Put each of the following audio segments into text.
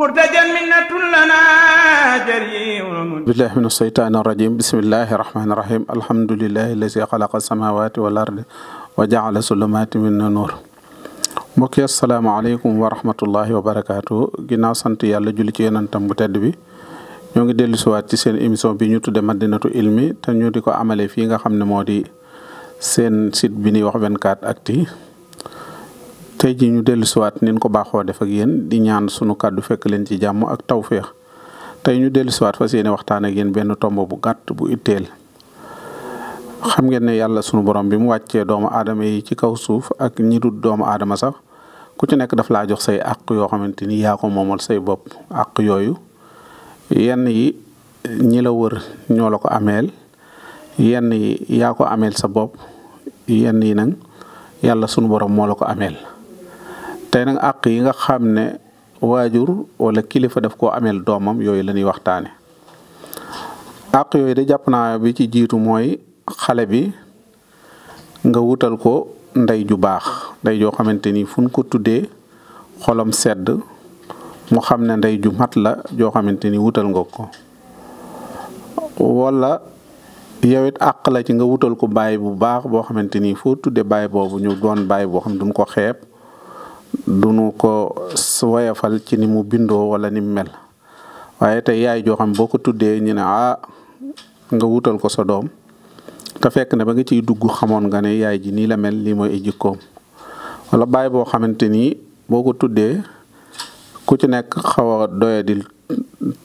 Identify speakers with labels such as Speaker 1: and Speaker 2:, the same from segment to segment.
Speaker 1: murtajan minnatun lana jariun billahi min asheytaani arrajim bismillahi rahmaani rahim alhamdulilahi alladi xalaqa samawati wal ardi nuur mbokki asalaamaaleykum wa rahmatullahi wa barakaatu ginnaaw sant yàlla julli ci yonentam bu tedd bi ngi dellu siwaat ci seen émission bi ñu tudde madinatu ilmi te ñu di ko amale fii nga xam ne moo di seen site bi ñuy wax 24actu tey ji ñu dellusiwaat siwaat nin ko baaxoo def ak yéen di ñaan sunu kàddu fekk leen ci jàmm ak tawféex tey ñu dellu siwaat fas yéene waxtaan ak benn tomb bu gàtt bu itteel xam ngeen ne yàlla sunu borom bi mu wàccee doomu aadama yi ci kaw suuf ak ñi doomu aadama sax ku ci nekk daf laa jox say àq yoo xamante ni yaa ko moomal say bopp àq yooyu yenn yi ñi la wër ñoo la ko ameel yenn yi yaa ko ameel sa bopp yenn yi nag yàlla sunu borom moo la ko ameel tey nag àq yi nga xam ne waajur wala kilifa def koo ameel doomam yooyu la waxtaane àq yooyu de jàpp naa bi ci jiitu mooy xale bi nga wutal ko ndey ju baax ndey joo xamante ni fu ko tuddee xolam sedd mu xam ne ndey ju mat la joo xamante ni wutal nga ko wala yow it àq la ci nga wutal ko baay bu baax boo xamante ni foo tuddee baay boobu ñu doon baay boo xam duñ ko xeeb dunu ko woyafal ci ni mu bindoo wala ni mu mel waaye te yaay joo xam boo ko tuddee ñu ne ah nga wutal ko sa doom te fekk ne ba nga ciy dugg xamoon nga ne yaay ji nii la mel lii mooy ay wala baay boo xamante ni boo ko tuddee ku ci nekk xaw a doyadil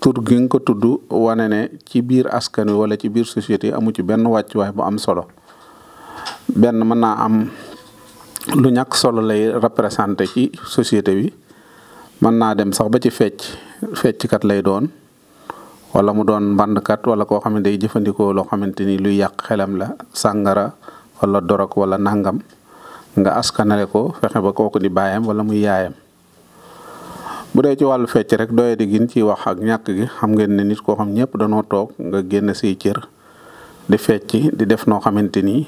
Speaker 1: tur gi nga ko tudd wane ne ci biir askan wi wala ci biir société amu ci benn wàccuwaay bu am solo benn mën am. lu ñàkk solo lay représenté ci société bi mën naa dem sax ba ci fecc fecckat lay doon wala mu doon mbandkat wala koo xam ne day jëfandikoo loo xamante ni luy yàq xelam la sàngara wala dorog wala nangam nga askanale ko fexe ba kooku di baayam wala muy yaayam bu dee ci wàllu fecc rek doye di gin ci wax ak ñàkk gi xam ngeen ne nit koo xam ñëpp danoo toog nga génn say cër di fecc di def noo xamante ni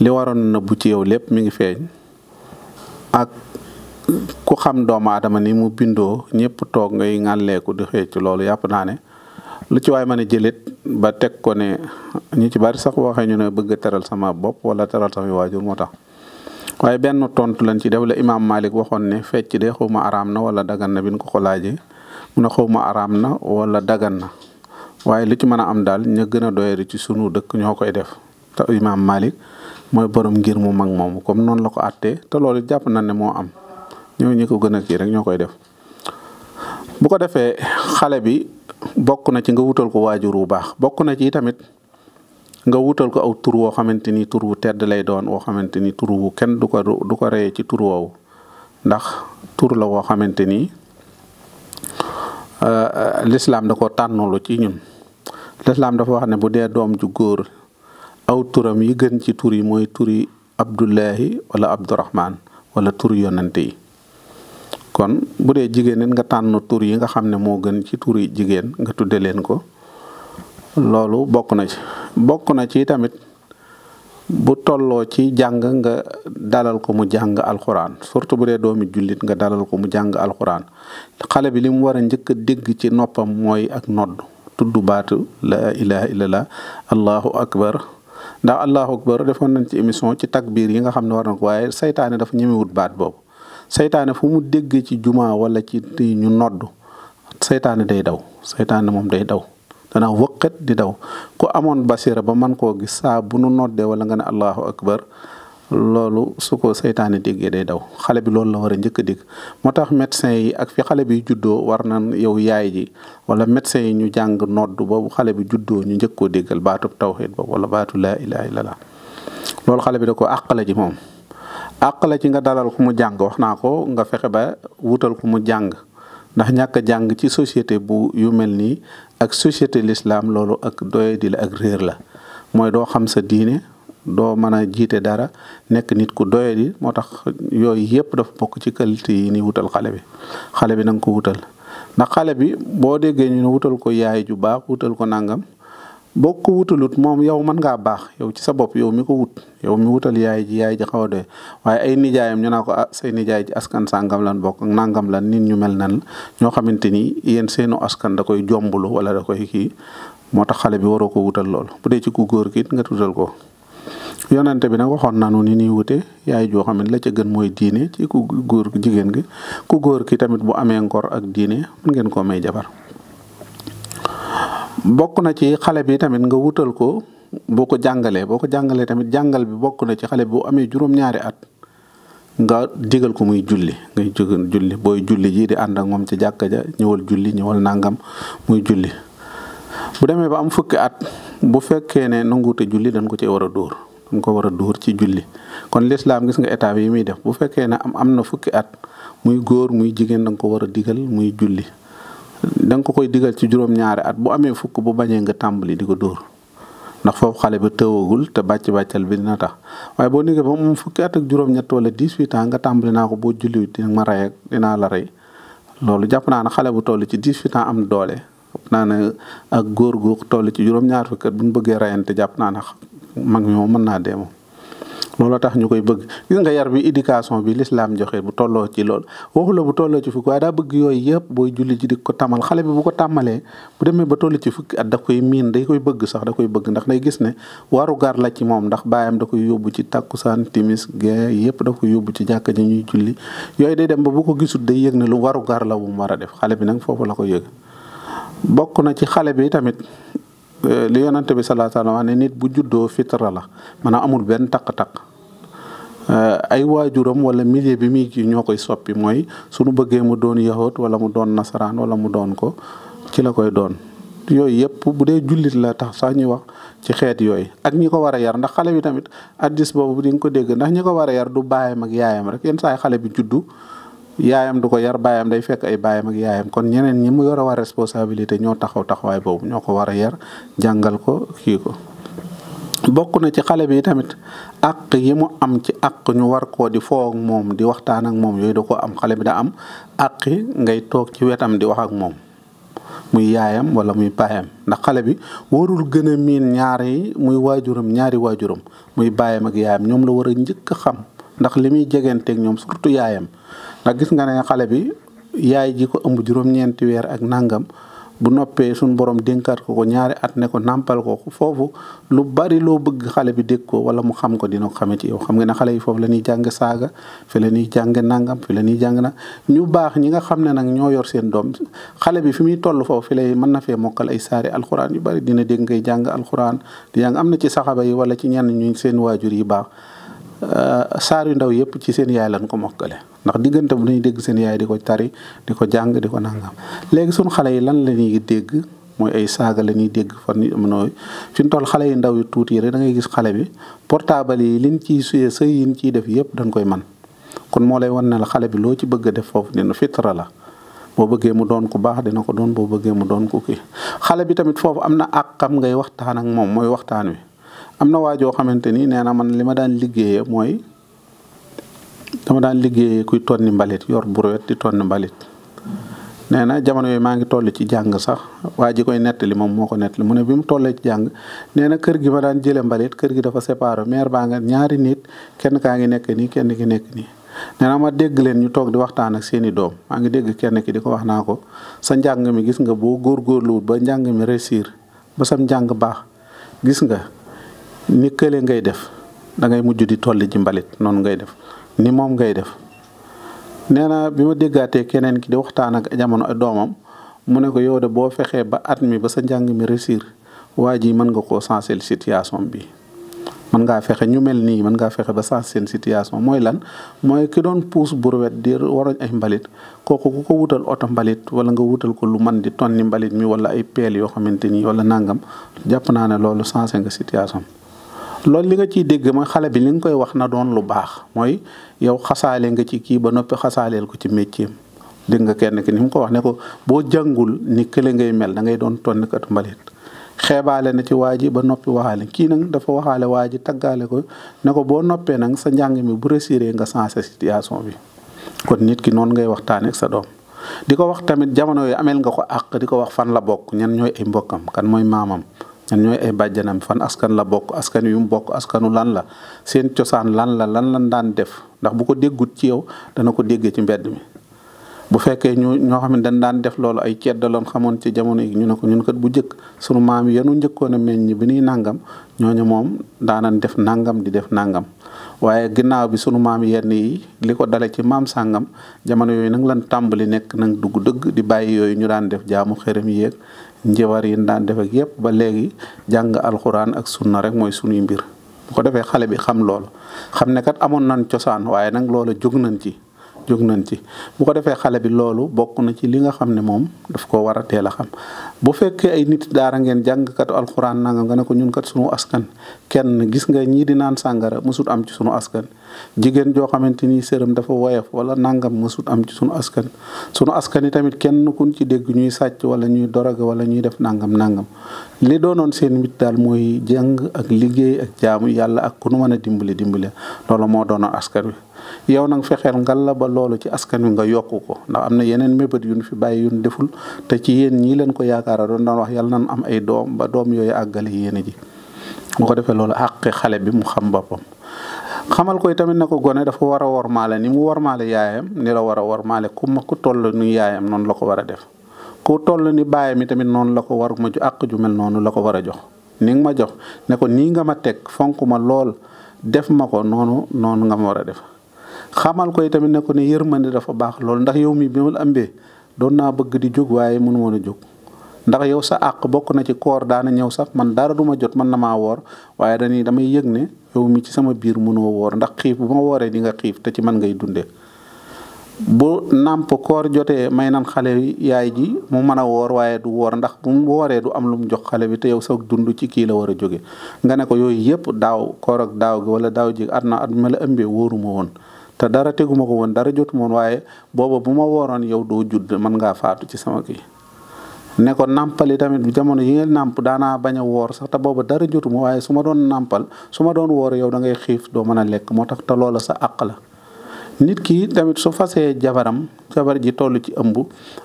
Speaker 1: li waroon na bu ci yow lépp mu ngi feeñ ak ku xam doomu aadama ni mu bindoo ñëpp toog ngay ŋàlleeku di xëy ci loolu yàpp naa ne lu ci waay mën a jëlit ba teg ko ne ñu ci bari sax waxee ñu ne bëgg teral sama bopp wala teral sama waajur moo tax waaye benn tontu lañ ci def la imaam Malik waxoon ne fecc de xawma araam na wala dagan na bi ñu ko laajee mu ne xawma araam na wala dagan waaye lu ci mën a am daal ña gën a doyari ci sunu dëkk ñoo koy def te imaam Malik mooy borom ngir mu mag moomu comme noonu la ko àttee te loolu jàpp na ne moo am ñoo ñi ko gën a kii rek ñoo koy def bu ko defee xale bi bokk na ci nga wutal ko waajur wu baax bokk na ci tamit nga wutal ko aw tur woo xamante ni tur wu tedd lay doon woo xamante ni tur wu kenn du ko du ko reyee ci tur woowu ndax tur la woo xamante ni euh, euh, lislaam da ko tànnulu ci ñun lislaam dafa wax ne bu dee doom ju góor aw turam yi gën ci tur yi mooy turi Abdullahi wala Abdurahman wala tur yonante yi kon bu dee jigéen it nga tànn tur yi nga xam ne moo gën ci turi jigéen nga tudde leen ko loolu bokk na ci bokk na ci tamit bu tolloo ci jàng nga dalal ko mu jàng alxuraan surtout bu dee doomi jullit nga dalal ko mu jàng alxuraan xale bi li mu war a njëkk a dégg ci noppam mooy ak nodd tudd baatu la ilaha illallah allahu akbar ndax allahu akbar defoon nañ ci émission ci takbiir yi nga xam ne war na ko waaye saytaane dafa ñemewut baat boob saytaane fu mu déggee ci juma wala ci ñu nodd saytaane day daw saytaane moom day daw dana wëqat di daw ku amoon basira ba man koo gis saa bu nu noddee wala nga ne allahu akbar loolu su ko seytaane déggee day daw xale bi loolu la war njëkk a dégg moo tax médecin yi ak fi xale bi juddoo war nan yow yaay ji wala médecin yi ñu jàng nodd boobu xale bi juddoo ñu njëkk déggal baatu baatub tawxiid boobu wala baatu laa ilaaha illallaah loolu xale bi da ko àqale ji moom àqala ji nga dalal ku mu jàng wax naa ko nga fexe ba wutal ku mu jàng ndax ñàkk jàng ci société bu yu mel nii ak société l'islam loolu ak doye di la ak réer la mooy doo xam sa diine doo mën a jiite dara nekk nit ku doyadi moo tax yooyu yëpp dafa bokk ci qualité yi ni wutal xale bi xale bi nang ko wutal ndax xale bi boo déggee ñu ne wutal ko yaay ju baax wutal ko nangam boo ko wutalut moom yow mën ngaa baax yow ci sa bopp yow mi ko wut yow mi wutal yaay ji yaay ji xaw a doy waaye ay nijaayam ñu naa ko ah, say nijaay ji askan sàngam lan bokk nangam lan nit ñu mel nan ñoo xamante ni yéen seenu askan da koy jombulu wala da koy kii moo tax xale bi waroo ko wutal lool bu dee ci ku góor ki it ko. yonante bi nag waxoon nañu ni nii wute yaay joo xam ne la ca gën mooy diine ci ku góor jigéen gi ku góor ki tamit bu amee ngor ak diine mën ngeen koo may jabar bokk na ci xale bi tamit nga wutal ko boo ko jàngalee boo ko jàngalee tamit jàngal bi bokk na ci xale bi bu amee juróom-ñaari at nga digal ko muy julli ngay jógal julli booy julli ji di ànd ak moom ci jàkka ja ñëwal julli ñëwal nangam muy julli bu demee ba am fukki at. bu fekkee ne nanguute julli dañ ko cee war a dóor dañ ko war a dóor ci julli kon lislaam gis nga état bi yi muy def bu fekkee ne am am na fukki at muy góor muy jigéen da nga ko war a digal muy julli da koy digal ci juróom-ñaari at boo amee fukk bu bañee nga tàmbali di ko dóor ndax foof xale bi tëwagul te bàcc bàccal bi dina tax waaye boo nekkee ba mu fukki at juróom-ñett wala dix-huit nga tàmbali naa ko boo julli dina ma rey ak dinaa la rey loolu jàpp naa ne xale bu toll ci dix-huit am doole naa ne ak góor gu toll ci juróom-ñaar fukki at bu ñu bëggee rayante jàpp naa ne mag mi moom mën naa dee moom looloo tax ñu koy bëgg gis nga yar bi éducation bi lislaam joxe bu tolloo ci loolu waxu la bu tolloo ci fukk waaye bëgg yooyu yëpp julli ji di ko tàmmal xale bi bu ko tàmmalee bu demee ba toll ci fukki at da koy miin day koy bëgg sax da koy bëgg ndax day gis ne waru gar la ci moom ndax baayam da koy yóbbu ci takkusaan timis gee yëpp da koy yóbbu ci jàkka ji ñuy julli yooyu day dem ba bu ko gisul day yëg lu waru gar la bu mu war a def xale bi nag foofu la ko yëg bokk na ci xale bi tamit euh, li yonante bi sallallahu alayhi wasallam ne nit bu juddoo fitra la maanaam amul benn takk-takk euh, ay waajuram wala milieu bi mu muy ñoo koy soppi mooy sunu bëggee mu doon yahoot wala mu doon nasaraan wala mu doon ko ci la koy doon yooyu yëpp bu dee jullit la tax sax ñuy wax ci xeet yooyu ak ñi ko war a yar ndax xale bi tamit addis boobu di nga ko dégg ndax ñi ko war a yar du baayam ak yaayam rek yenn saay xale bi juddu yaayam du ko yar baayam day fekk ay baayam ak yaayam kon ñeneen ñi mu yor a war responsabilité ñoo taxaw taxawaay boobu ñoo ko war a yar jàngal ko kii ko. bokk na ci xale bi tamit àq yi mu am ci àq ñu war koo di foo moom di waxtaan ak moom yooyu da ko am xale bi da am àq ngay toog ci wetam di wax ak moom muy yaayam wala muy baayam ndax xale bi warul gën a miin ñaari muy waajuram ñaari waajuram muy baayam ak yaayam ñoom la war a njëkk xam ndax li muy jegenteeg ñoom surtout yaayam. ndax gis nga ne xale bi yaay ji ko ëmb juróom-ñeenti weer ak nangam bu noppee suñu borom dénkaat ko ko ñaari at ne ko nàmpal ko foofu lu bari loo bëgg xale bi dégg ko wala mu xam ko dina ko xamee ci yow xam nga ne xale yi foofu la ñuy jàng saaga fi la ñuy jàng nangam fi la ñuy jàng na ñu baax ñi nga xam ne nag ñoo yor seen doom xale bi fi muy toll foofu fi lay mën na fee mokkal ay saari alxuraan yu bari dina dégg ngay jàng alxuraan di am na ci saxaba yi wala ci ñenn ñu seen waajur yi baax Euh, saar yu ndaw yëpp ci seen yaay lan ko mokkale ndax diggante bu dañuy dégg seen yaay di ko tari di ko jàng di ko nangam léegi sunu xale yi lan lañ ñuy dégg mooy ay saaga la ñuy dégg fan yii am fi mu toll xale yu ndaw yu tuuti rek da ngay gis xale bi portable yi liñ ciy suye sëy yiñ ciy def yëpp dañ koy man kon moo lay wan ne la xale bi loo ci bëgg a def foofu dina fitra la boo bëggee mu doon ku baax dina ko doon boo bëggee mu doon ku kii xale bi tamit foofu am na àqam ngay waxtaan ak moom mooy waxtaan wi. am na waajoo xamante ni nee na man li ma daan liggéeye mooy dama daan liggéeyee kuy ni mbalit yor brouette di tonni mbalit. nee na jamono yooyu maa ngi toll ci jàng sax waa ji koy nettali moom moo ko nettali mu ne bi mu tollee ci jàng nee na kër gi ma daan jëlee mbalit kër gi dafa séparé maire baa nga ñaari nit kenn kaa ngi nekk nii kenn ki nekk nii. nee ma dégg leen ñu toog di waxtaan ak seeni doom maa ngi dégg kenn ki di ko wax naa ko sa njàng mi gis nga boo góorgóorluwut ba njàng mi réussir ba sam njàng baax gis nga. ni kële ngay def da ngay mujj di tolli ji mbalit noonu ngay def ni moom ngay def nee na bi ma déggaatee keneen ki de waxtaan ak jamono ak doomam mu ne ko yow de boo fexee ba at mi ba sa njàng mi réussir waa ji mën nga koo sensel situation bi mën ngaa fexe ñu mel nii mën ngaa fexe ba sens seen situation mooy lan mooy ki doon puus brouette di waroñ ay mbalit kooku ku ko wutal oto mbalit wala nga wutal ko lu man di tonni mbalit mi wala ay peel yoo xamante ni wala nangam jàpp naa ne loolu sensé nga situation loolu li nga ci dégg mooy xale bi li nga koy wax na doon lu baax mooy yow xasaale nga ci kii ba noppi xasaaleel ko ci métier dégg nga kenn ki ni mu ko wax ne ko boo jàngul ni kële ngay mel da ngay doon tonnikat mbalit xeebaale na ci waa ji ba noppi waxaale kii nag dafa waxaale waa ji taggaale ko ne ko boo noppee nag sa njàng mi bu resiré nga sensé situation bi kon nit ki noonu ngay waxtaanee sa doom. di ko wax tamit jamono yo ameel nga ko ak di ko wax fan la bokk ñan ñooy ay mbokkam kan mooy maamam ñan ñooy ay bàjjanam fan askan la bokk askan yu mu bokk askanu lan la seen cosaan lan la lan lan daan def ndax bu ko déggut ci yow dana ko déggee ci mbedd mi. bu fekkee ñu ñoo xam dañ daan def loolu ay ceddaloon xamoon ci jamono yi ñu ne ko ñun kat bu njëkk sunu maam yenu njëkkoon a bi nuy nangam ñooñu moom daanan def nangam di def nangam waaye ginnaaw bi sunu maam yenn yi li ko dale ci maam sàngam jamono yooyu nag lan tàmbali nekk nag dugg dëgg di bàyyi yooyu ñu daan def jaamu xërëm yi yeeg njëwar daan def ak yëpp ba léegi jàng alxuraan ak sunna rek mooy sunuy mbir bu ko defee xale bi xam lool xam ne kat amoon nañ cosaan waaye nag loola jóg nañ ci. jóg nañ ci bu ko defee xale bi loolu bokk na ci li nga xam ne moom daf ko war a teel a xam bu fekkee ay nit daara ngeen jàngkatu alxuraan nanga nga ne ko ñun kat sunu askan kenn gis nga ñii di naan sàngara mësut am ci sunu askan jigéen joo xamante ni sëram dafa woyof wala nangam mësut am ci sunu askan sunu askan yi tamit kenn kun ci dégg ñuy sàcc wala ñuy doroge wala ñuy def nangam nangam li doonoon seen mit daal mooy jàng ak liggéey ak jaamu yàlla ak ku nu mën a dimbali dimbali loolu moo doonoon askan wi yow nag fexeel ngal la ba loolu ci askan wi nga yokk ko ndax am na yeneen mébét yu ñu fi bàyyi yu deful te ci yéen ñii leen ko yaakaara doon daan wax yàlla am ay doom ba doom yooyu àggale yéen ji bu ko defee loolu àqi xale bi mu xam boppam. xamal koy tamit na ko gone dafa war a wormaale ni mu wormaale yaayam ni la war a wormaale ku ma ku toll ni yaayam noonu la ko war a def ku toll ni baayam mi tamit noonu la ko war ma ju àq ju mel noonu la ko war a jox ni nga ma jox ne ko nii nga ma teg fonk ma lool def ma ko noonu noonu nga ma war a def. xamal ko tamit ne ko ne yërmande dafa baax loolu ndax yow mi bi ma la doon naa bëgg di jóg waaye mënu woon a jóg ndax yow sa àq bokk na ci koor daana ñëw sax man dara duma jot man na maa woor waaye dañuy damay yëg ne yow ci sama biir mënoo woor ndax xiif bu ma wooree di nga xiif te ci man ngay dundee bu nàmp koor jotee may nan xale yaay ji mu mën a woor waaye du woor ndax bu mu wooree du am lu mu jox xale bi te yow sa dund ci kii la war a jóge nga ne ko yooyu yëpp daaw koor daaw gi wala daaw ji at na at ma la ëmbee wóoruma woon te dara teguma ko woon dara jotumoon waaye booba bu ma wooroon yow doo judd mën ngaa faatu ci sama kii ne ko tamit jamono yi ngeen nàmp daanaa bañ a woor sax te booba dara jotu waaye su ma doon nàmpal su ma doon woor yow da ngay xiif doo mën a lekk moo tax te loola sa àq la nit ki tamit su fasee jabaram jabar ji toll ci ëmb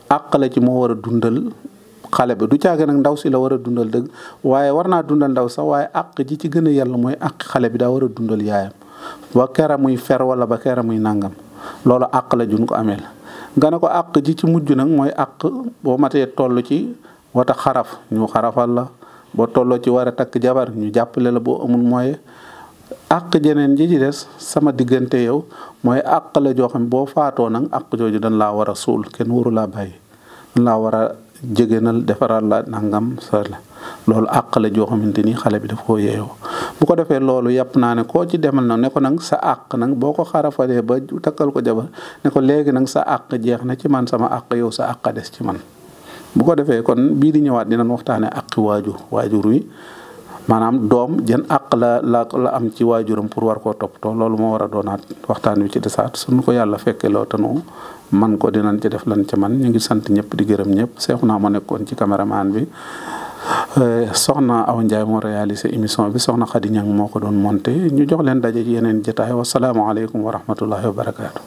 Speaker 1: àq la ci moo war a dundal xale bi du caage nag ndaw si la war a dundal dëgg waaye war naa dundal ndaw sax waaye àq ji ci gën yàlla mooy àq xale bi daa war a yaayam ba kera muy fer wala ba kera muy nangam loolu àq la jun ko ameel nga ne ko àq ji ci mujj nag mooy àq boo matee tollu ci wata xaraf ñu xarafal la boo tolloo ci war a takk jabar ñu jàppale la boo amul mooy àq jeneen ji ci des sama diggante yow mooy àq la joo xam boo faatoo nag àq jooju dañ laa war a suul kenn waru laa bàyyi dañ laa war a jegeenal defaral la nangam sa la loolu àq la joo xamante ni xale bi daf koo yeeyoo bu ko defee loolu yàpp naa ne koo ci demal na ne ko nag sa àq nag boo ko xarafalee ba takkal ko jabar ne ko léegi nag sa àq jeex na ci man sama àq yow sa àq des ci man bu ko defee kon bii di ñëwaat dinañ waxtaane àqi waajur waajur wi maanaam doom jën àq la la la am ci waajuram pour war koo toppatoo loolu moo war a doonaat waxtaan wi ci saat suñu ko yàlla fekkee loo tanu man ko dinañ ci def lan ca man ñu ngi sant ñëpp di gërëm ñëpp seexu naa ma nekkoon ci caméraman bi Euh, soxna Awa Ndiaye moo réalisé émission bi soxna Khady Niang moo ko doon monté ñu jox leen daje yeneen jotaay wasalaamaaleykum wa rahmatullahi wa barakaatu.